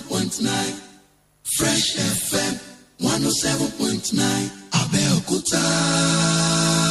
107.9 Fresh FM 107.9 oh seven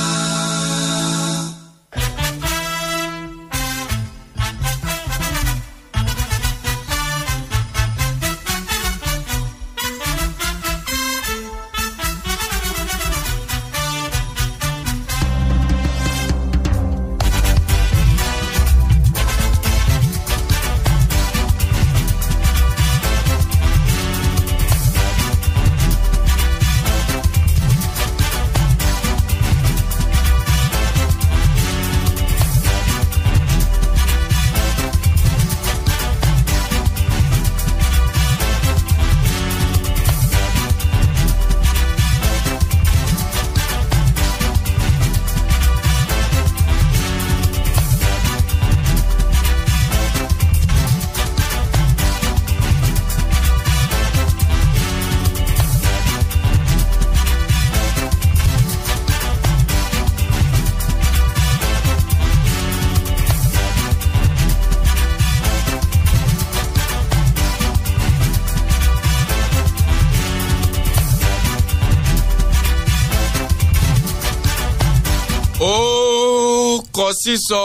kọ sísọ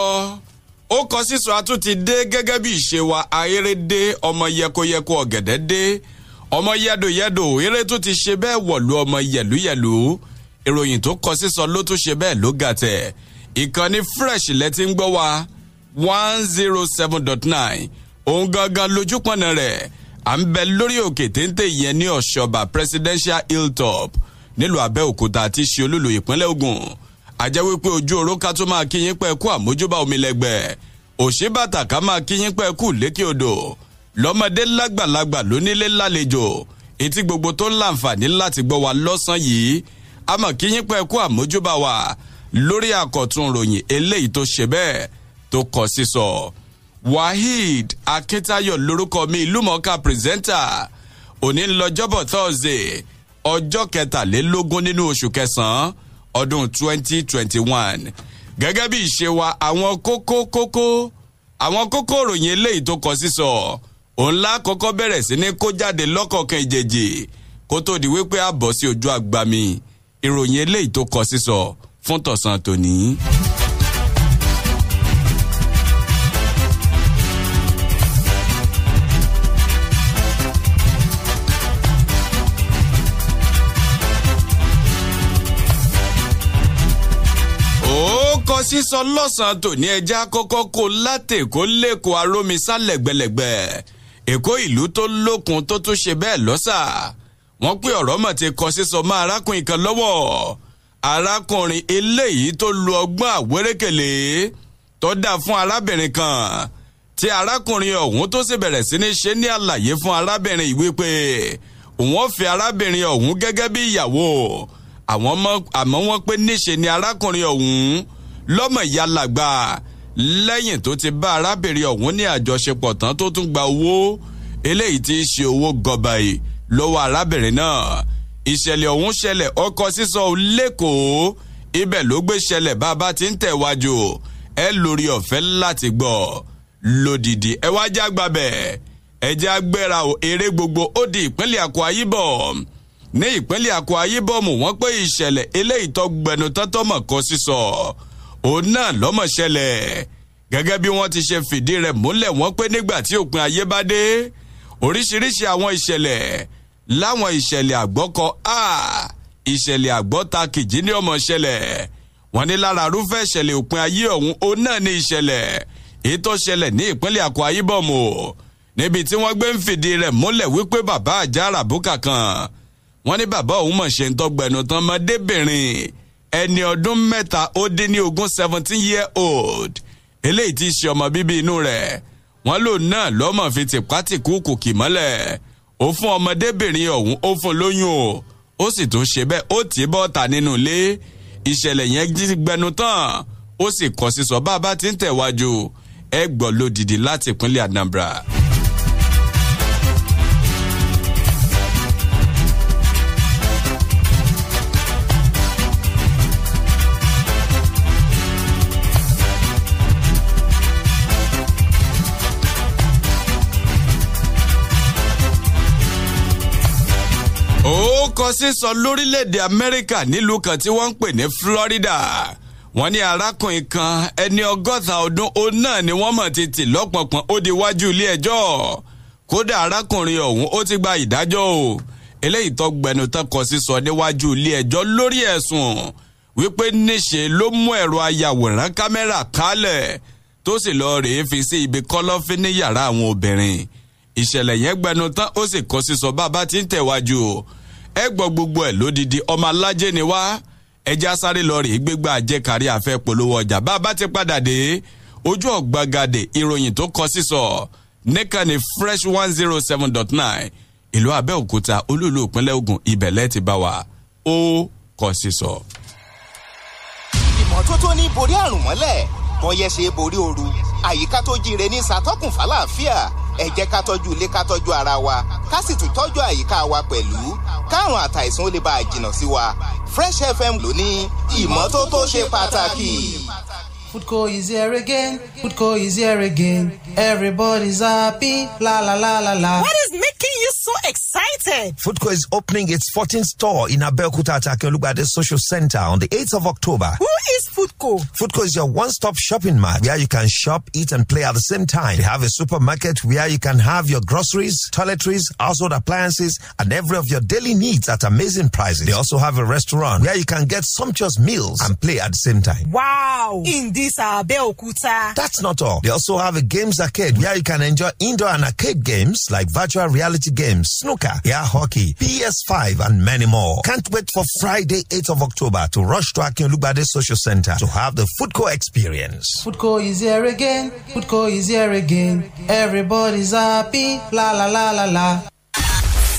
ó kọ sísọ a tún ti dé gẹ́gẹ́ bí ìṣe wa ayérédé ọmọ yẹkoyẹko ọ̀gẹ̀dẹ̀ dé ọmọ yẹdoyẹdo eré tún ti ṣe bẹ́ẹ̀ wọ̀lú ọmọ yẹ̀lúyẹ̀lú ìròyìn tó kọ sísọ ló tún ṣe bẹ́ẹ̀ ló gà tẹ̀ ìkànnì fresh lẹ ti ń gbọ́ wa one zero seven dot nine òun gangan lójúpọ̀nà rẹ̀ à ń bẹ lórí òkè téńté yẹn ní ọ̀ṣọ́ba presidential hilltop nílùú abẹ́òkúta tí ṣe olúlu ìpínlẹ̀ ogun àjẹ́ wípé ojú oró ká tó máa kíyín pẹ́ kú àmójúbà omi lẹ́gbẹ̀ẹ́ òṣìbàtà ká máa kíyín pẹ́ kú lékè odò lọ́mọdé lágbàlagbà lónílé lálejò etí gbogbo tó ń láǹfààní láti gbọ́ wa lọ́sàn yìí àmọ́ kíyín pẹ́ kú àmójúbà wa lórí àkọ̀tun ròyìn eléyìí tó ṣe bẹ́ẹ̀ tó kọ sísọ. waheed akintayo lorúkọ mi ìlúmọ̀ọ́ká pírẹsẹ́ńtà òní ń lọ jọ́bọ̀ thursday ọjọ́ kẹtàlélógún nínú oṣù kẹsàn-án ọdún 2021 gẹ́gẹ́ bí ìṣe wa àwọn kókó kókó àwọn kókó ìròyìn eléyìí tó kọ sísọ òun la kọ́kọ́ bẹ̀rẹ̀ sí ní kó jáde lọ́kọ̀ọ̀kan ìjèjì kó tó di wípé a bọ̀ sí ojú àgbà mi ìròyìn eléyìí tó kọ sísọ fún tọ̀sán tòní. sísọ lọ́sàn-án tòní ẹja kọ́kọ́ kó látẹ̀kọ́ lẹ́kọ̀ọ́ arómisá lẹ̀gbẹ̀lẹ̀gbẹ̀ èkó ìlú tó lókun tó tún ṣe bẹ́ẹ̀ lọ́sà wọ́n pé ọ̀rọ̀ mọ̀ ti kọ sísọ mọ́ arákùnrin kan lọ́wọ́ arákùnrin eléyìí tó lu ọgbọ́n àwérékèlè tó dà fún arábìnrin kan tí arákùnrin ọ̀hún tó sì bẹ̀rẹ̀ sí ní ṣe ní àlàyé fún arábìnrin ìwé pé òun fi arábìnrin ọ̀hún gẹ́gẹ́ bí ìyàwó àwọn àmọ́ wọ́n pé níṣe ni arákùnrin ọ̀hún lọ́mọ ìyá làgbà lẹ́yìn tó ti bá arábìnrin ọ̀hún ní àjọṣepọ̀ tán tó tún gba owó eléyìí tí í ṣe owó gọbàì lọ́wọ́ arábìnrin náà ìṣẹ̀lẹ̀ ọ̀hún ṣẹlẹ̀ ọkọ̀ sísọ lẹ́kọ̀ọ́ ibẹ̀ ló gbé ṣẹlẹ̀ bá a bá ti ń tẹ̀wájú ẹ lórí ọ̀fẹ́ láti gbọ́ lódìdí ẹ wá já gbàbẹ̀ ẹ já gbéra o eré gbogbo ó di ìpínlẹ̀ Akwa Ibom ní ìpínlẹ̀ Akwa Ibom wọ́n pé ìṣẹ̀lẹ̀ eléyìí tó gbẹnu tọ́tọ́ sísọ. So òun náà lọ́mọ̀ ṣẹlẹ̀ gẹ́gẹ́ bí wọ́n ti ṣe fìdí rẹ̀ múlẹ̀ wọ́n pé nígbà tí òpin ayé bá dé oríṣiríṣi àwọn ìṣẹ̀lẹ̀ láwọn ìṣẹ̀lẹ̀ àgbọ́kọ a ìṣẹ̀lẹ̀ àgbọ́ta kìjì ní ọmọ ṣẹlẹ̀ wọ́n ní lára arúfẹ́ ìṣẹ̀lẹ̀ òpin ayé ọ̀hún òun náà ní ìṣẹ̀lẹ̀ èyí tó ṣẹlẹ̀ ní ìpínlẹ̀ Akwa Ibom o níbi tí wọ́n gbé ń fìdí rẹ̀ múlẹ̀ wípé bàbá àjàrà bùkà kan wọ́n ní bàbá òun mọ̀ ṣe ń tọgbẹ̀nu tán mọ́ débìnrin ẹni ọdún mẹ́ta ó dín ní ogún seventeen year old eléyìí ti ṣe ọmọ bíbí inú rẹ̀ wọ́n lò náà lọ́mọ fi tìpátìkú kùkì mọ́lẹ̀ ó fún ọmọdébìnrin ọ̀hún ó fún lóyún o ó sì tún ṣe bẹ́ẹ̀ ó tì í bọ́ta nínú ilé ìṣẹ̀lẹ̀ yẹn gbẹnu tán ó sì kọ̀ sísọ bá a bá ti ń tẹ̀wájú ẹ gbọ́ lódìdí láti ìpínlẹ̀ Anambra. orúkọ sísọ lórílẹ̀‐èdè Amẹ́ríkà nílùú kan tí wọ́n ń pè ní Florida wọ́n ní arákùnrin kan ẹni ọgọ́ta ọdún òun náà ni wọ́n mọ̀ títì lọ́pọ̀pọ̀n ó di iwájú ilé ẹjọ́ kódà arákùnrin ọ̀hún ó ti gba ìdájọ́ o eléyìí tó gbẹnu tán kọ sísọ níwájú ilé ẹjọ́ lórí ẹ̀sùn wípé níṣe ló mú ẹ̀rọ ayàwòrán kámẹ́rà kálẹ̀ tó sì lọ rèé fi sí ibi kọ́lọ́fín ní yàrá àwọn obìnrin ìṣẹ̀lẹ̀ yẹn gbẹnu tán ó sì kọ sísọ bá a bá ti ń tẹ̀wájú o ẹ gbọ́ gbogbo ẹ̀ lódidi ọmọ alájẹ ni wá ẹja sáré lọ rèé gbégbá àjẹkárí àfẹ́ polówó ọjà bá a bá ti padà dé ojú ọ̀gbagadè ìròyìn tó kọ sísọ nìkan ni fresh one zero seven dot nine ìlú Abẹ́òkúta olúùlú ìpínlẹ̀ Ògùn ibẹ̀lẹ́ ti bá wa ó kọ sísọ. ìmọ́tótó ní borí àrùn mọ́lẹ̀ mọ́yẹ́sẹ̀ borí ooru àyíká tó jíire ní ṣàtọ́kùn fàlàáfíà ẹ jẹ́ ká tọ́jú ilé ká tọ́jú ara wa ká sì tún tọ́jú àyíká wa pẹ̀lú káàrùn àtàìsàn ó lè bá a jìnnà sí wa Fresh FM ló ní ìmọ́tótó ṣe pàtàkì. Foodco is here again. Foodco is here again. Everybody's happy. La la la la la. What is making you so excited? Foodco is opening its 14th store in Abeokuta at the Social Center on the 8th of October. Who is Foodco? Foodco is your one-stop shopping mart where you can shop, eat, and play at the same time. They have a supermarket where you can have your groceries, toiletries, household appliances, and every of your daily needs at amazing prices. They also have a restaurant where you can get sumptuous meals and play at the same time. Wow! Indeed that's not all. They also have a games arcade where you can enjoy indoor and arcade games like virtual reality games, snooker, air hockey, PS5, and many more. Can't wait for Friday, 8th of October to rush to Akin Social Center to have the Foodco experience. Foodco is here again. Foodco is here again. Everybody's happy. La la la la la.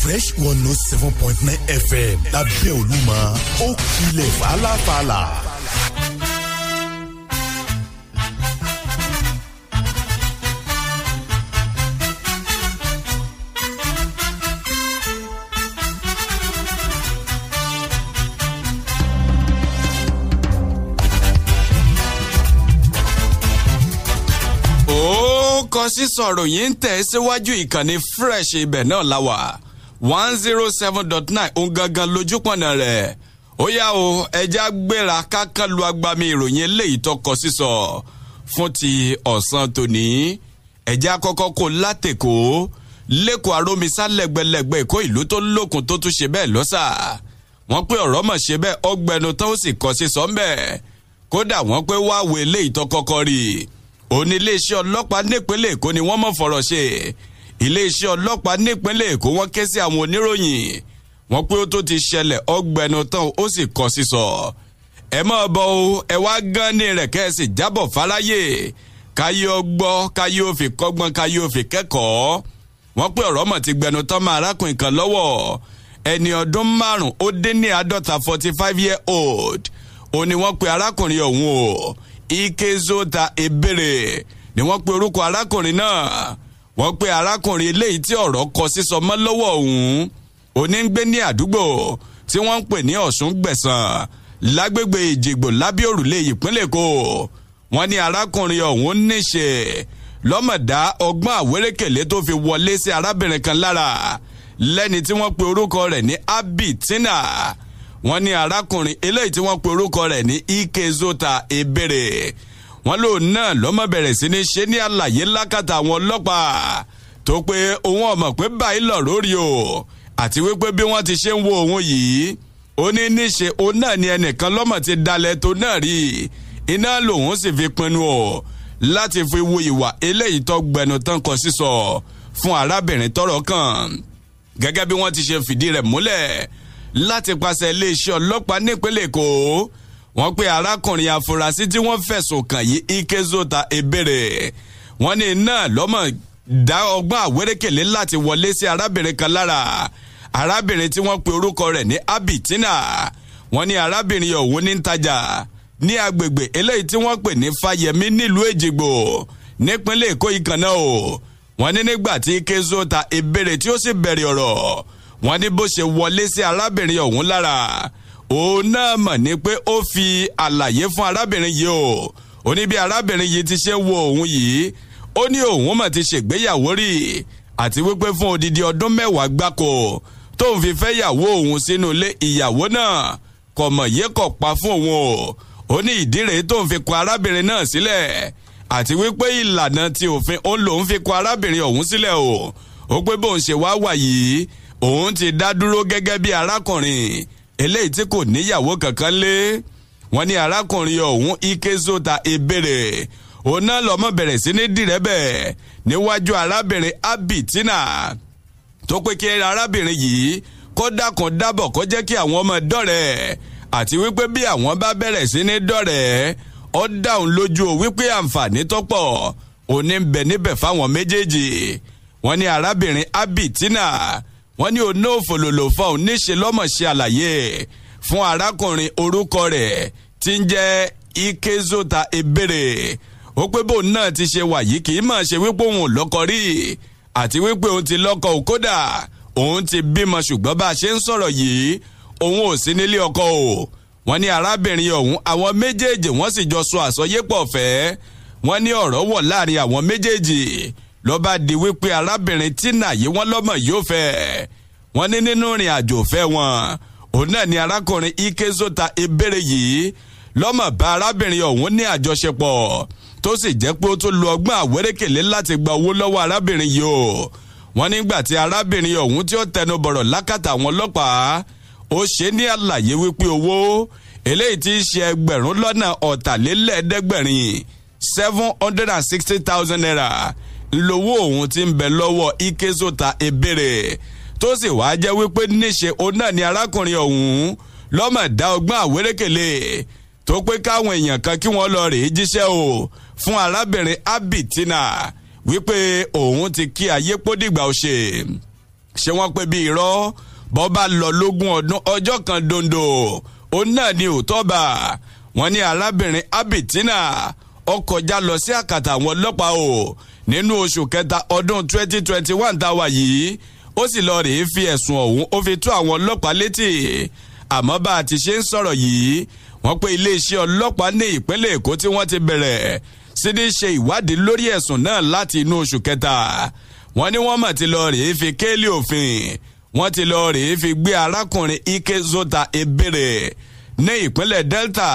Fresh 107.9 FM lábẹ́ Olúmọ ó kilẹ̀ fala. orúkọ sísọ ròyìn ń tẹ̀ ìkànnì fresh ibẹ̀ náà la wà one zero seven dot nine òun gangan lójúpọ̀nà rẹ̀ ó yá o ẹja gbéra kákan lu agbami ìròyìn eléyìí tọkọ sísọ fún ti ọ̀sán tòní ẹja kọ́kọ́ kó látẹ̀kọ́ lẹ́kọ̀ọ́ arómisá lẹ́gbẹ̀lẹ́gbẹ̀ èkó ìlú tó lókun tó tún ṣe bẹ́ẹ̀ lọ́sà wọ́n pé ọ̀rọ̀ mọ̀ ṣe bẹ́ẹ̀ ọgbẹ́nu tán sì kọ́ sí sọ́ńbẹ́ kódà wọ́n pé wá wo eléyìí tó rí i òní iléeṣẹ́ ọlọ́pàá nípínlẹ̀ Èkó ni wọ́n mọ̀ fọ̀rọ̀ ṣe iléeṣẹ́ ọlọ́pàá nípínlẹ̀ Èkó wọ́n ké sí àwọn oníròyìn wọ́n pé ó tó ti ṣẹlẹ̀ ọgbẹnu tán ó sì kọ sísọ ẹ mọ̀ bọ́ o ẹ wá gán ní rẹ̀ kẹ́ ẹ sì jábọ̀ fáráyé káyé ó káyé ó fi kọ́gbọ́n káyé ó fi kẹ́kọ̀ọ́ wọ́n pé ọ̀rọ̀ mọ̀ ti gbẹnu tán máa arákùnrin kan lọ́wọ́ ẹni ọdún márùn ó dín ní àádọ́ta forty five year old ó ní wọ́n pé arákùnrin ọ̀hún o ikezota ebere ni wọ́n pe orúkọ arákùnrin náà wọ́n pe arákùnrin eléyìí tí ọ̀rọ̀ kọ sísọ mọ́ lọ́wọ́ òun òní ń gbé ní àdúgbò tí wọ́n ń pè ní ọ̀sùn gbẹ̀sán lágbègbè ìjìgbò lábẹ́ òrùlé ìpínlẹ̀ èkó wọ́n ní arákùnrin ọ̀hún níṣe lọ́mọ̀dá ọgbọ́n àwérékèlé tó fi wọlé sí arábìnrin kan lára lẹ́ni tí wọ́n pe orúkọ rẹ̀ ní abitina wọ́n ní arákùnrin eléyìí tí wọ́n pe orúkọ rẹ̀ ní Ikezota e Ebere wọ́n lòun náà lọ́mọ bẹ̀rẹ̀ sí ní ṣe ní àlàyé lákàtà àwọn ọlọ́pàá tó pé òun ọmọ pé báyìí lọ lórí o àti wípé bí wọ́n ti ṣe ń wo òun yìí ó ní níṣe òun náà ni ẹnìkan lọ́mọ ti dalẹ̀ tó náà rí iná lòun sì fi pinnu o láti fi wo ìwà eléyìí tó gbẹnu tán kọ sísọ fún arábìnrin tọ́rọ̀ kàn gẹ́gẹ́ bí wọ́n ti ṣe fìdí rẹ̀ múlẹ̀ láti pàṣẹ iléeṣẹ́ ọlọ́pàá nípínlẹ̀ Èkó wọ́n pe arákùnrin afurasí tí wọ́n fẹ̀sùn kàn yìí Ikezota Ebere wọ́n ní iná lọ́mọ dá ọgbọ́n àwérékèlé láti wọlé sí arábìnrin kan lára arábìnrin tí wọ́n pe orúkọ rẹ̀ ní Abitina wọ́n ní arábìnrin ọ̀hún ní ń tajà ní agbègbè eléyìí tí wọ́n pè ní Fáyẹmí nílùú Èjìgbò nípínlẹ̀ Èkó ìkànnà o wọ́n ní nígbà tí Ikezota Ebere tí ó sì bẹ̀rẹ̀ ọ̀rọ̀ wọ́n ní bó ṣe wọlé sí arábìnrin ọ̀hún lára òun náà mọ̀ ní pé ó fi àlàyé fún arábìnrin yìí o ó ní bí arábìnrin yìí ti ṣe wo òun yìí ó ní òun mọ̀ ti ṣègbéyàwó rí àti wípé fún odidi ọdún mẹ́wàá gbáko tóun fi fẹ́ yàwó òun sínú ilé ìyàwó náà kọ̀mọ̀ yé kọ̀ pa fún òun o ó ní ìdí rèé tóun fi kọ arábìnrin náà sílẹ̀ àti wípé ìlànà ti òfin òun lòun fi kọ arábìnrin ọ̀hún sílẹ̀ o ó pé bóun ṣe wá wà yìí òun ti dá dúró gẹ́gẹ́ bí arákùnrin eléyìí tí kò níyàwó kankan lé wọ́n ní arákùnrin ọ̀hún ike sota ebere òun náà lọ́mọ bẹ̀rẹ̀ sí ní dìrẹ́bẹ̀ níwájú arábìnrin abitina tó pé kí arábìnrin yìí kó dákun dábọ̀ kó jẹ́ kí àwọn ọmọ dọ̀rẹ́ àti wípé bí àwọn bá bẹ̀rẹ̀ sí ní dọ̀rẹ́ ó dáhùn lójú o wípé àǹfààní tó pọ̀ òní ń bẹ níbẹ̀ fáwọn méjèèjì wọ́n ní arábìnrin abitina wọ́n ní òun náà fòlòlò fọ́ọ̀n níṣe lọ́mọ̀ ṣe àlàyé ẹ̀ fún arákùnrin orúkọ rẹ̀ tí ń jẹ́ Ikezota Ebere ó pé bóun náà ti ṣe wà yìí kì í mọ̀ ṣe wípé òun ò lọ́kọ rí àti wípé òun ti lọ́kọ ò òun ti bímọ ṣùgbọ́n bá a ṣe ń sọ̀rọ̀ yìí òun ò sí nílé ọkọ o wọ́n ní arábìnrin ọ̀hún àwọn méjèèjì wọ́n sì jọ sọ àsọyépọ̀ ọ̀fẹ́ wọ́n ní ọ̀rọ̀ wọ̀ láàrin àwọn méjèèjì lọ́ba di wípé arábìnrin Tina yìí wọ́n lọ́mọ yóò fẹ́ wọ́n ní nínú ìrìn àjò fẹ́ wọn òun náà ni arákùnrin Ike Zota ebere yìí lọ́mọ bá arábìnrin ọ̀hún ní àjọṣepọ̀ tó sì jẹ́ pé ó tún lo ọgbọ́n àwérékèlé láti gba owó lọ́wọ́ arábìnrin yìí o wọ́n nígbà tí arábìnrin ọ̀hún tí ó tẹnu bọ̀rọ̀ lákàtà àwọn ọlọ́pàá ó ṣe ní àlàyé wípé owó eléyìí tí ṣe ẹgbẹ̀rún lọ́nà ọ̀tàlélẹ́ẹ̀ẹ́dẹ́gbẹ̀rin seven hundred and sixty thousand naira lówó òun ti ń bẹ lọ́wọ́ Ikesota Ebere tó sì wáá jẹ́ wípé níṣe òun náà ni arákùnrin ọ̀hún lọ́mọ̀dá ọgbọ́n àwérékèlè tó pé káwọn èèyàn kan kí wọ́n lọ rèé jíṣẹ́ o fún arábìnrin Abitina wípé òun ti kí ayé pódìgbà ó ṣe ṣé wọ́n pé bí irọ́ bọ́ bá lọ lógún ọdún ọjọ́ kan dondo òun náà ni òótọ́ bá wọ́n ní arábìnrin Abitina ọkọjá lọ sí àkàtà àwọn ọlọ́pàá o nínú oṣù kẹta ọdún 2021 táwa yìí ó sì lọ rèé fi ẹ̀sùn ọ̀hún ó fi tó àwọn ọlọ́pàá létí àmọ́ bá a ti ṣe ń sọ̀rọ̀ yìí wọ́n pé iléeṣẹ́ ọlọ́pàá ní ìpínlẹ̀ Èkó tí wọ́n ti bẹ̀rẹ̀ sí ní ṣe ìwádìí lórí ẹ̀sùn náà láti inú oṣù kẹta wọ́n ní wọ́n mọ̀ ti lọ rèé fi kéèlì òfin wọ́n ti lọ rèé fi gbé arákùnrin Ike Zota Ebere ní ìpínlẹ̀ Delta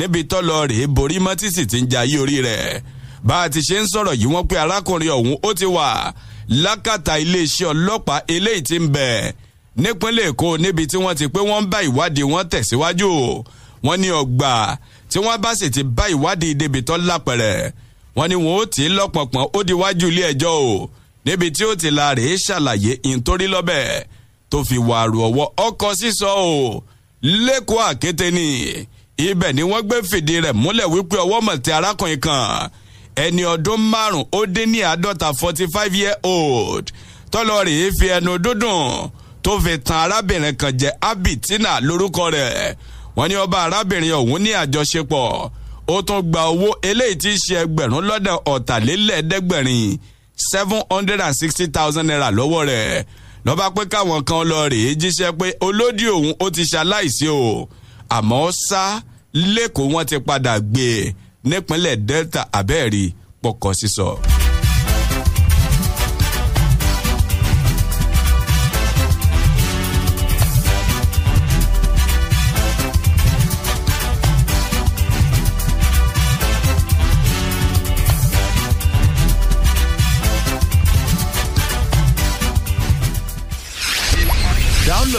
níbi tọ́lọ rèé borí mọ́ tí sì ti ń jayé orí rẹ̀ bá a ti ṣe ń sọ̀rọ̀ yìí wọ́n pé arákùnrin ọ̀hún ó ti wà lákàtà iléeṣẹ́ ọlọ́pàá eléyìí ti ń bẹ̀ nípínlẹ̀ Èkó níbi tí wọ́n ti pé wọ́n ń bá ìwádìí wọn tẹ̀síwájú wọ́n ní ọgbà tí wọ́n bá sì ti bá ìwádìí débi tọ́ lápẹ̀rẹ̀ wọ́n ní wọ́n ó tì lọ́pọ̀pọ̀ ó di wájú ilé ẹjọ́ o níbi tí ó ti la rèé ṣàlàyé ìntorí lọ́bẹ̀ tó fi wàrù ọ̀wọ́ ọkọ̀ sísọ o lẹ́kọ̀ọ́ àkété ni ibẹ̀ ni wọ́n gbé fìdí rẹ̀ múlẹ̀ wípé ọwọ́ mọ̀ tí arákùnrin kan ẹni ọdún márùn ó dín ní àádọ́ta forty five year old tọ́lọ́ rèé fi ẹnu dúndùn tó fi tan arábìnrin kan jẹ́ abitina lórúkọ rẹ̀ wọ́n ní ọba arábìnrin ọ̀hún ní àjọṣepọ̀ ó tún gba owó eléyìí tí í ṣe ẹgbẹ̀rún lọ́dà ọ̀tàlélẹ́ẹ̀dẹ́gbẹ̀rin seven hundred and sixty thousand naira lọ́wọ́ rẹ̀ lọ́ba pé káwọn kan lọ rèé jíṣẹ́ pé olódì òun ó ti ṣaláìsí o àmọ́ ṣá lẹ́kọ̀ọ́ wọ́n ti padà gbé e nípínlẹ̀ Delta abẹ́ẹ̀rí pọkàn sísọ. So.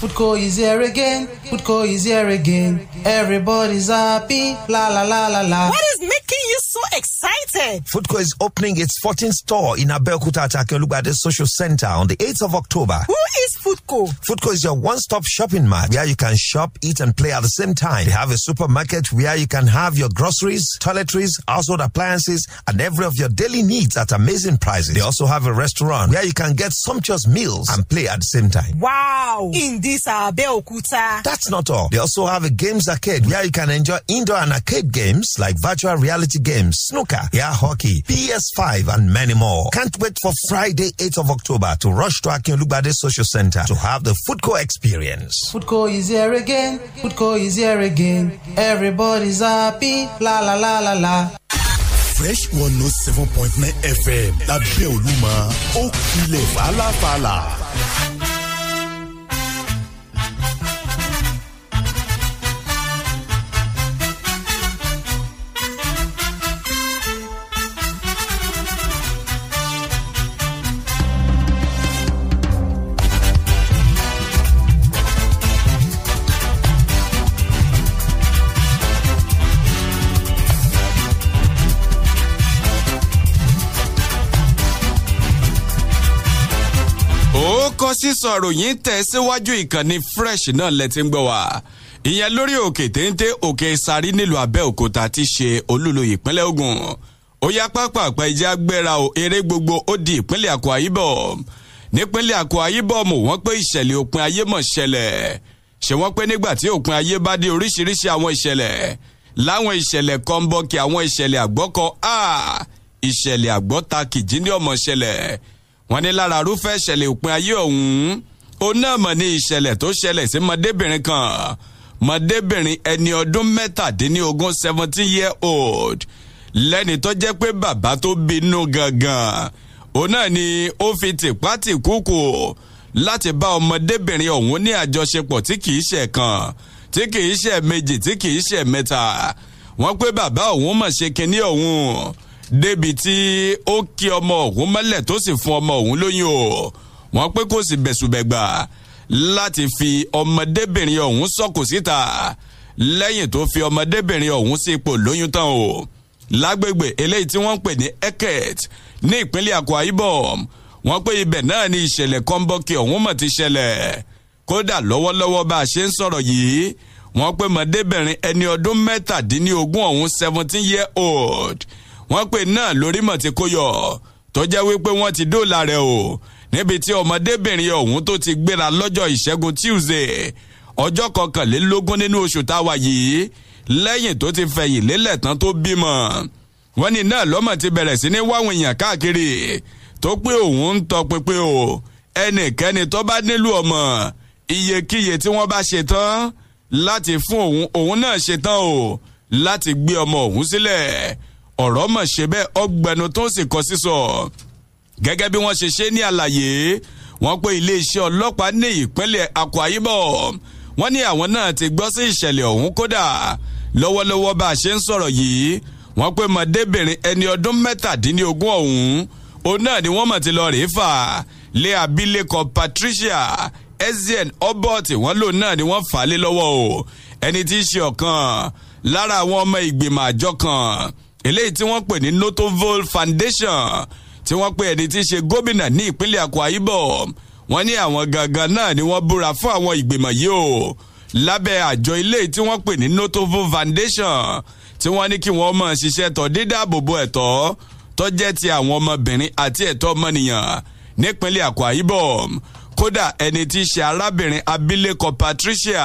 Foodco is here again. Foodco is here again. Everybody's happy. La la la la la. What is making you so excited? Foodco is opening its 14th store in Abeokuta at Social Center on the 8th of October. Who is Foodco? Foodco is your one-stop shopping mart where you can shop, eat, and play at the same time. They have a supermarket where you can have your groceries, toiletries, household appliances, and every of your daily needs at amazing prices. They also have a restaurant where you can get sumptuous meals and play at the same time. Wow! Indeed this That's not all. They also have a games arcade where you can enjoy indoor and arcade games like virtual reality games, snooker, air hockey, PS5, and many more. Can't wait for Friday, 8th of October to rush to Akin Social Center to have the Foodco experience. Foodco is here again. Foodco is here again. Everybody's happy. La la la la la. Fresh 107.9 FM lábẹ́ Olúmọ ó kilẹ̀ fàlàfàlà. sísọ ròyìn tẹ̀ síwájú ìkànnì fresh náà lẹ ti ń gbọ́ wá ìyẹn lórí òkè téńté òkè sáré nílùú Abẹ́òkúta ti ṣe olúlo ìpínlẹ̀ Ògùn ó yá pápákọ̀ ìjà gbéra o eré gbogbo ó di ìpínlẹ̀ Akwa Ibom nípínlẹ̀ Akwa Ibom wọ́n pé ìṣẹ̀lẹ̀ òpin ayé mọ̀ ṣẹlẹ̀ ṣé wọ́n pé nígbà tí òpin ayé bá dé oríṣiríṣi àwọn ìṣẹ̀lẹ̀ láwọn ìṣẹ̀lẹ̀ kọ́ńbọ́ọ̀kì àwọn ìṣẹ̀lẹ̀ àgbọ́kọ a ìṣẹ̀lẹ̀ àgbọ́ta kìjì ní ọmọ ṣẹlẹ̀ wọ́n ní lára arúfẹ́ ìṣẹ̀lẹ̀ òpin ayé ọ̀hún òun náà mọ̀ ní ìṣẹ̀lẹ̀ tó ṣẹlẹ̀ sí mọ̀débìnrin kan mọ̀débìnrin ẹni ọdún mẹ́tàdínlógún seventeen year old lẹ́ni tó jẹ́ pé bàbá tó bínú gangan òun náà ni ó fi tìpátìkúkù láti bá ọmọdébìnrin ọ̀hún ní àjọṣepọ̀ tí kìí ṣe kan tí kìí ṣe méjì tí kìí ṣe mẹ́ta wọ́n pé bàbá òun mọ̀ ṣe kinní ọ̀hún débi tí ó kí ọmọ òun mọ́lẹ̀ tó sì fún ọmọ òun lóyún o wọ́n pé kò sì bẹ̀sùbẹ̀gbà láti fi ọmọdébìnrin ọ̀hún sọ̀kò síta lẹ́yìn tó fi ọmọdébìnrin ọ̀hún sí ipò lóyún tán o lágbègbè eléyìí tí wọ́n ń pè ní Eket ní ìpínlẹ̀ Akwa Ibom wọ́n pé ibẹ̀ náà ni ìṣẹ̀lẹ̀ kọ́ńbọ́ọ̀kì ọ̀hún mọ̀ ti ṣẹlẹ̀ kódà lọ́wọ́lọ́wọ́ bá a ṣe ń sọ̀rọ̀ yìí wọ́n pé mọ̀débìnrin ẹni ọdún mẹ́tàdínlógún ọ̀hún seventeen year old wọ́n pè náà lórí mọ̀ tí kò yọ tó jẹ́ wípé wọ́n ti dóòlà rẹ̀ o níbi tí ọmọdébìnrin ọ̀hún tó ti gbéra lọ́jọ́ ìṣẹ́gun Tuesday ọjọ́ kọkànlélógún nínú oṣù táwa yìí lẹ́yìn tó ti fẹ̀yìn lélẹ̀ tán tó bímọ wọ́n ní náà lọ́mọ ti bẹ̀rẹ̀ sí ní wáwọn èèyàn káàkiri tó pé òun ń tọpinpin o ẹnikẹ́ni tó bá nílò ọmọ iyekíye tí wọ́n bá ṣe tán láti fún òun òun náà ṣe tán o láti gbé ọmọ òun sílẹ̀ ọ̀rọ̀ mọ̀ ṣe bẹ́ẹ̀ ọgbẹ̀nu tó sì kọ sísọ gẹ́gẹ́ bí wọ́n ṣe ṣe ní àlàyé wọ́n pé iléeṣẹ́ ọlọ́pàá ní ìpínlẹ̀ Akwa Ibom wọ́n ní àwọn náà ti gbọ́ sí ìṣẹ̀lẹ̀ ọ̀hún kódà lọ́wọ́lọ́wọ́ bá a ṣe ń sọ̀rọ̀ yìí wọ́n pé mọ̀débìnrin ẹni ọdún mẹ́tàdínlógún ọ̀hún òun náà ni wọ́n mọ̀ ti lọ rèé fà lé abilékọ Patricia Ezien Obot wọ́n lòun náà ni wọ́n fà á lé lọ́wọ́ o ẹni tí í ṣe ọ̀kan lára àwọn ọmọ ìgbìmọ̀ àjọ kan eléyìí tí wọ́n pè ní Notovol Foundation tí wọ́n pè ẹni tí í ṣe gómìnà ní ìpínlẹ̀ Akwa Ibom wọ́n ní àwọn gangan náà ni wọ́n búra fún àwọn ìgbìmọ̀ yìí o lábẹ́ àjọ ilé tí wọ́n pè ní Notovo Foundation tí wọ́n ní kí wọ́n máa ṣiṣẹ́ tó dídáàbòbò ẹ̀tọ́ tó jẹ́ ti àwọn ọmọbìnrin àti ẹ̀tọ́ ọmọnìyàn nípínlẹ̀ Akwa Ibom kódà ẹni tí í ṣe arábìnrin abilékọ Patricia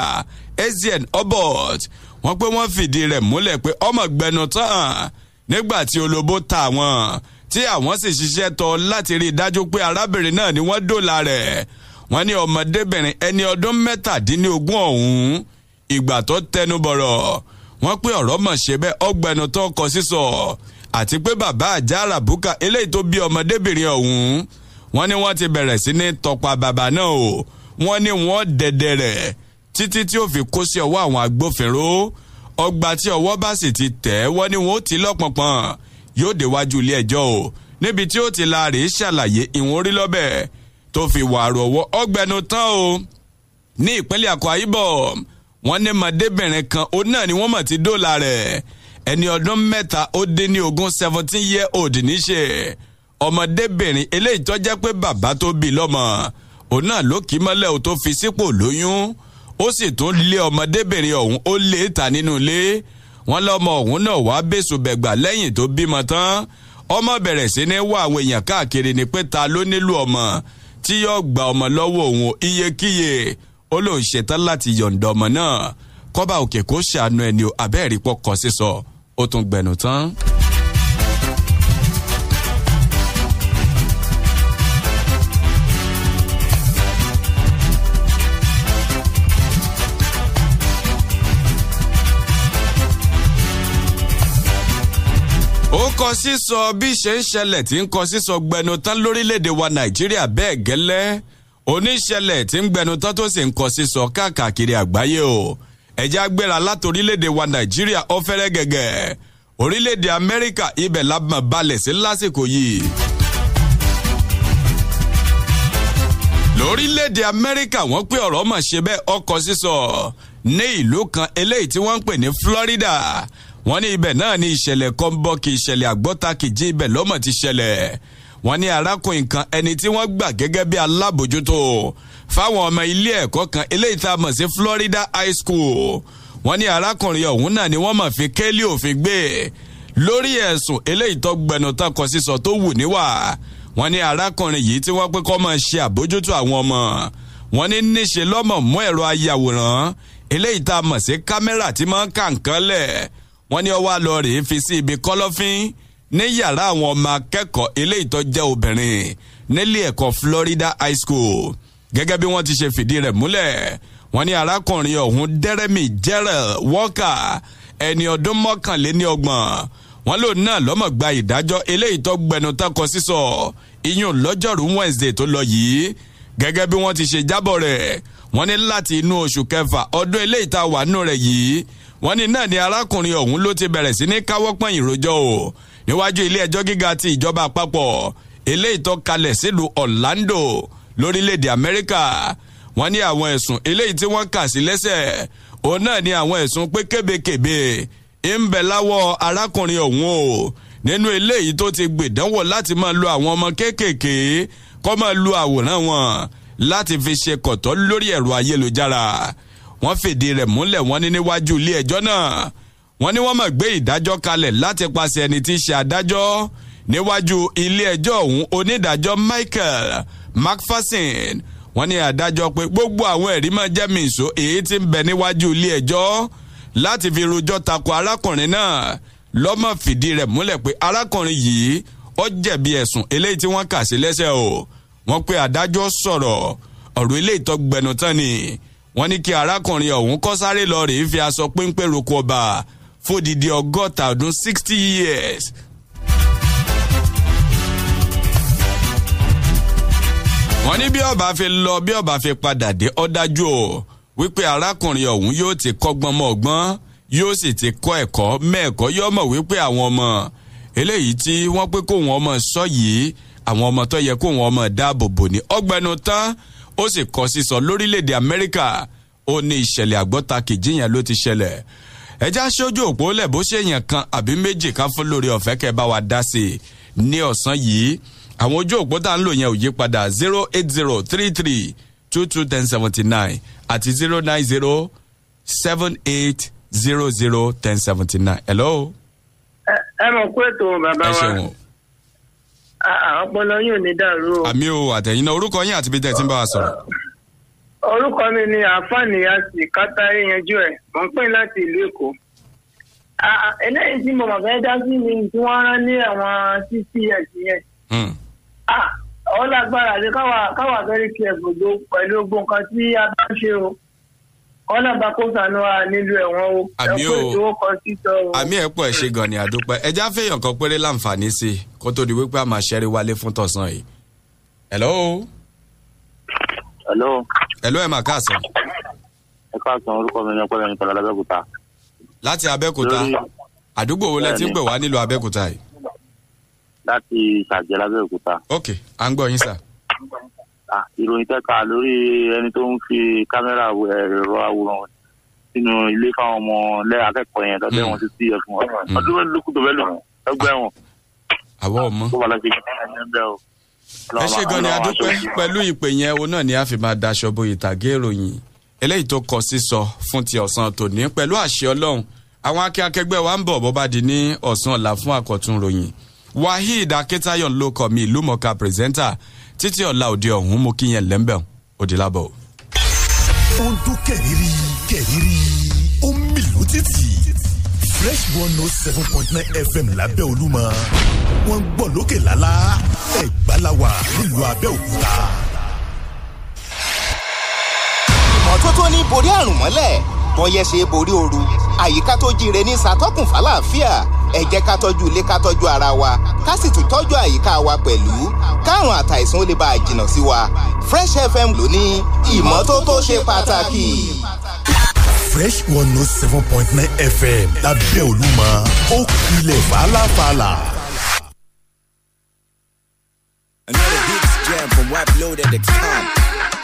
Ezien Obot wọ́n pé wọ́n fìdí rẹ̀ múlẹ̀ pé ọmọ gbẹnu tán nígbà tí olóbó ta àwọn tí àwọn sì ṣiṣẹ́ tọ́ láti rí i dájú pé arábìnrin náà ni wọ́n dóòlà rẹ̀ wọ́n ní ọmọdébìnrin ẹni ọdún mẹ́tàdínlógún ọ̀hún ìgbà tó tẹnu bọ̀rọ̀ wọ́n pé ọ̀rọ̀ mọ̀ ṣe bẹ́ẹ̀ ọgbẹ́nu tó kọ sísọ àti pé bàbá àjàrà bùkà eléyìí tó bí ọmọdébìnrin ọ̀hún wọ́n ní wọ́n ti bẹ̀rẹ̀ sí ní tọpa bàbá náà o wọ́n ní wọ́n dẹ̀dẹ̀ rẹ̀ títí tí ó fi kó sí ọwọ́ àwọn agbófinró ọgbà tí ọwọ́ bá sì ti tẹ̀ wọ́n ni wọ́n ti lọ́pọ̀pọ̀n yóò déwájú ilé ẹjọ́ o níbi tí ó ti la rèé ṣàlàyé ìwọ̀n orí lọ́bẹ̀ tó fi wàrù ọwọ́ ọgbẹ́nu tán o ní ìpínlẹ̀ Akwa Ibom wọ́n ní mọ̀débìnrin kan òun náà ni wọ́n mọ̀ ti dóòlà rẹ̀ ẹni ọdún mẹ́ta ó dín ní ogún seventeen year old níṣe ọmọdébìnrin eléyìí tó jẹ́ pé bàbá tó bí lọ́mọ òun náà ló kì í mọ́lẹ̀ ò tó fi sípò lóyún ó sì tún lé ọmọdébìnrin ọ̀hún ó lé e ta nínú ilé wọn lọmọ ọ̀hún náà wàá bẹ̀sùn bẹ̀gbà lẹ́yìn tó bímọ tán ọmọ bẹ̀rẹ̀ sí ní wá àwọn èèyàn káàkiri ni pé ta ló nílò ọmọ tí yóò gba ọmọ lọ́wọ́ òun iyekíye ó lóun ṣetán láti yọ̀ǹda ọmọ náà kọ́ba òkè kó ṣàánú ẹni o pọ̀ kọ́ sísọ ó tún gbẹ̀nù tán. kíkọ sísọ bí ṣe ń ṣẹlẹ̀ tí ń kọ sísọ gbẹnu lórílẹ̀‐èdè wa nàìjíríà bẹ́ẹ̀ gẹ́lẹ́ oníṣẹlẹ̀ tí ń gbẹnu tán tó sì ń kọ sísọ káàkiri àgbáyé o ẹ̀jẹ̀ agbéra láti orílẹ̀‐èdè wa nàìjíríà ó fẹ́rẹ́ gẹ̀gẹ̀ orílẹ̀‐èdè amẹ́ríkà ibẹ̀ la mọ̀ balẹ̀ sí lásìkò yìí. lórílẹ̀‐èdè amẹ́ríkà wọ́n pé ọ̀rọ̀ mọ̀ ṣe bẹ́ẹ̀ ọkọ̀ sísọ ní ìlú kan eléyìí tí wọ́n ń pè ní florida wọ́n ní ibẹ̀ náà ní ìṣẹ̀lẹ̀ kọ́ńbọ́ọ̀kì ìṣẹ̀lẹ̀ àgbọ́takìjì ibẹ̀ lọ́mọ̀ ti ṣẹlẹ̀ wọ́n ní arákùnrin kan ẹni tí wọ́n gbà gẹ́gẹ́ bí alábòjútó fáwọn ọmọ ilé ẹ̀kọ́ kan eléyìí tá a mọ̀ sí Florida High School wọ́n ní arákùnrin ọ̀hún náà ni wọ́n mọ̀ fi kélé òfin gbé lórí ẹ̀sùn eléyìí tó gbẹnu tán kọ sísọ tó wù níwà wọ́n ní arákùnrin yìí tí wọ́n pé kó máa ṣe àbójútó àwọn ọmọ wọ́n ní níṣe lọ́mọ̀ mú ẹ̀rọ ayàwòrán eléyìí tá a mọ̀ sí kámẹ́rà tí máa ń kà nǹkan lẹ̀ wọ́n ní ó wá lọ rèé fi sí ibi kọ́lọ́fín ní yàrá àwọn ọmọ akẹ́kọ̀ọ́ ilé ìtọ́jẹ́ obìnrin nílé ẹ̀kọ́ Florida High School gẹ́gẹ́ bí wọ́n ti ṣe fìdí rẹ̀ múlẹ̀ wọ́n ní arákùnrin ọ̀hún Jeremy Gerald Walker ẹni ọdún mọ́kànléní ọgbọ̀n wọ́n lòun náà lọ́mọ̀ gba ìdájọ́ ilé ìtọ́gbẹnu tako sísọ iyún lọ́jọ́rú Wednesday tó lọ yìí gẹ́gẹ́ bí wọ́n ti ṣe jábọ̀ rẹ̀ wọ́n ní láti inú oṣù kẹfà ọdún ilé ìtawà nù rẹ̀ yìí wọ́n ní náà ni arákùnrin ọ̀hún ló ti bẹ̀rẹ̀ sí ní káwọ́ pọ̀nyìn rojọ́ o níwájú ilé ẹjọ́ gíga ti ìjọba àpapọ̀ eléyìí tó sílùú Orlando lórílẹ̀‐èdè Amẹ́ríkà wọ́n ní àwọn ẹ̀sùn eléyìí tí wọ́n kà sí lẹ́sẹ̀ òun náà ni àwọn ẹ̀sùn pé kébékèbé ń bẹ láwọ́ arákùnrin ọ̀hún o nínú eléyìí tó ti gbèdánwò láti máa lo àwọn ọmọ kéékèèké kó máa lo àwòrán wọn láti fi ṣe kọ̀tọ́ lórí ẹ̀rọ ayélujára wọ́n fìdí rẹ̀ múlẹ̀ wọ́n ní níwájú ilé ẹjọ́ náà wọ́n ní wọ́n máa gbé ìdájọ́ kalẹ̀ láti paṣẹ ẹni tí í ṣe adájọ́ níwájú ilé ẹjọ́ ọ̀hún onídàájọ́ Michael Macpherson, wọ́n ní adájọ́ pé gbogbo àwọn ẹ̀rí máa jẹ́ mìíṣó èyí tí ń bẹ níwájú ilé ẹjọ́ láti fi rojọ́ tako arákùnrin náà lọ́mọ fìdí rẹ̀ múlẹ̀ pé arákùnrin yìí ó jẹ̀bi ẹ̀sùn eléyìí tí wọ́n kà sí lẹ́sẹ̀ o wọ́n pe adájọ́ sọ̀rọ̀ ọ̀rọ̀ ilé ìtọ́gbẹnu tán ni wọ́n ní kí arákùnrin ọ̀hún kọ́ sáré lọ rèé fi aṣọ péńpé roko ọba fódìdí ọgọ́ta ọdún sixty years. wọ́n ní bí ọba fi lọ bí ọba fi padà dé ó dájú o wípé arákùnrin ọ̀hún yóò ti kọ́gbọ́n mọ́ ọgbọ́n yóò sì ti kọ́ ẹ̀kọ́ mẹ́ẹ̀kọ́ yóò mọ̀ wípé àwọn ọmọ eléyìí tí wọ́n pé kóun ọmọ sọ yìí àwọn ọmọ tó yẹ kóun ọmọ dáàbò bò ní ọgbẹ́nu tán ó sì kọ sísọ lórílẹ̀‐èdè amẹ́ríkà ó ní ìṣẹ̀lẹ̀ àgbọ́takìjì yẹn ló ti ṣẹlẹ̀ ẹjá ṣojú òpó lẹ̀ bó ṣe yàn kan àbí méjì ká fún lórí ọ̀fẹ́ kẹ́ bá wa dá sí i ní ọ̀sán yìí àwọn ojú òpó tá à ń lò yẹn ò yí padà zero eight zero three three two two ten seventy nine àti zero nine zero seven eight zero zero ten seventy nine. hello. ẹ mọ̀ pé tó bàbá wa. ọpọlọ yóò ní dàrú o. àmì o àtẹ̀yìn náà orúkọ yín àti bíi tẹ̀sí ń bá wa sọ̀rọ̀. orúkọ mi ni àfààní yasi kátàrí yanjú ń pè láti ìlú èkó. eléyìí tí mo ẹ dá sí mi tí wọ́n rán ní àwọn títí ẹ̀sìn yẹn. ọ̀ọ́ hmm. lágbára àti káwà káwà fẹ́rí kí ẹ̀ gbogbo pẹ̀lú tí a o. ọlọ́ba kó sànú wa nílùú ẹ̀wọ̀n o àmì o àmì ẹ̀ pọ̀ ẹ̀ ṣe gan ni àdúpẹ́ ẹ já fẹ́yàn kan péré láǹfààní sí i kó tó di wípé a máa ṣẹ́rí wálé fún tọ̀sán yìí. hello. hello. hello ẹ̀ máa káàsán. ẹ káàsán orúkọ mi ni ọpẹ́lẹ́ mi pẹ̀lú abẹ́òkúta. láti abẹ́òkúta àdúgbò wo lẹ ti ń pè wá nílùú abẹ́òkúta yìí. láti ìsàjẹ́ lábẹ́òkúta. ok à ń gbọ́ yín sà. Ah, ìròyìn tẹ́ka lórí ẹni tó ń fi kámẹ́rà eh, ẹ̀rọ àwòrán sínú ilé fáwọn ọmọ lẹ́yìn akẹ́kọ̀ọ́ yẹn lọ́dẹ̀ hmm. wọn títí ẹ̀ fún wọn. Hmm. ọdún mẹ́rin lókùtò bẹ́ẹ̀ lò ẹgbẹ́ wọn. àwọ̀ ọmọ. tó bá lọ sí ìgbà ẹ ṣe gan ni adúpẹ́ pẹ̀lú ìpè yẹn o náà ni a fi máa daṣọ bo ìtàgé ìròyìn eléyìí tó kọ sísọ fún ti ọ̀sán tòní pẹ̀lú àṣẹ ọlọ́run àwọn akẹ́kẹ́gbẹ́ wa ń bọ̀ bó bá di ní ọ̀sán ọ̀la fún àkọ́tún ìròyìn Waheed Akitayo ló kọ mi ìlú mọ̀ọ́ká pírẹsẹ́ńtà títí ọ̀la òde ọ̀hún mo kí yẹn lẹ́ńbẹ̀ òde lábọ̀. ó ń kẹ̀rìírí kẹ̀rìírí ó ń mì lótìtì fresh one note oh seven point nine fm lábẹ́ olúmọ wọ́n gbọ́ lókè lálá ẹ̀gbá la wà nílùú abẹ́òkúta. ìmọ́tótó ní borí àrùn mọ́lẹ̀ bọ́yẹ̀ ṣe borí ooru àyíká tó jíire ní ṣàtọ́kùn fàlàáfíà ẹ ká tọ́jú ilé ká tọ́jú ara wa ká sì tún tọ́jú àyíká wa pẹ̀lú káàrùn àtàìsàn ó lè bá a jìnnà sí wa Fresh FM ló ní ìmọ́tótó ṣe pàtàkì. Fresh one no oh seven point nine FM lábẹ́ Olúmọ ó kilẹ̀ fàlàfàlà. Another big jam from White Load at the time.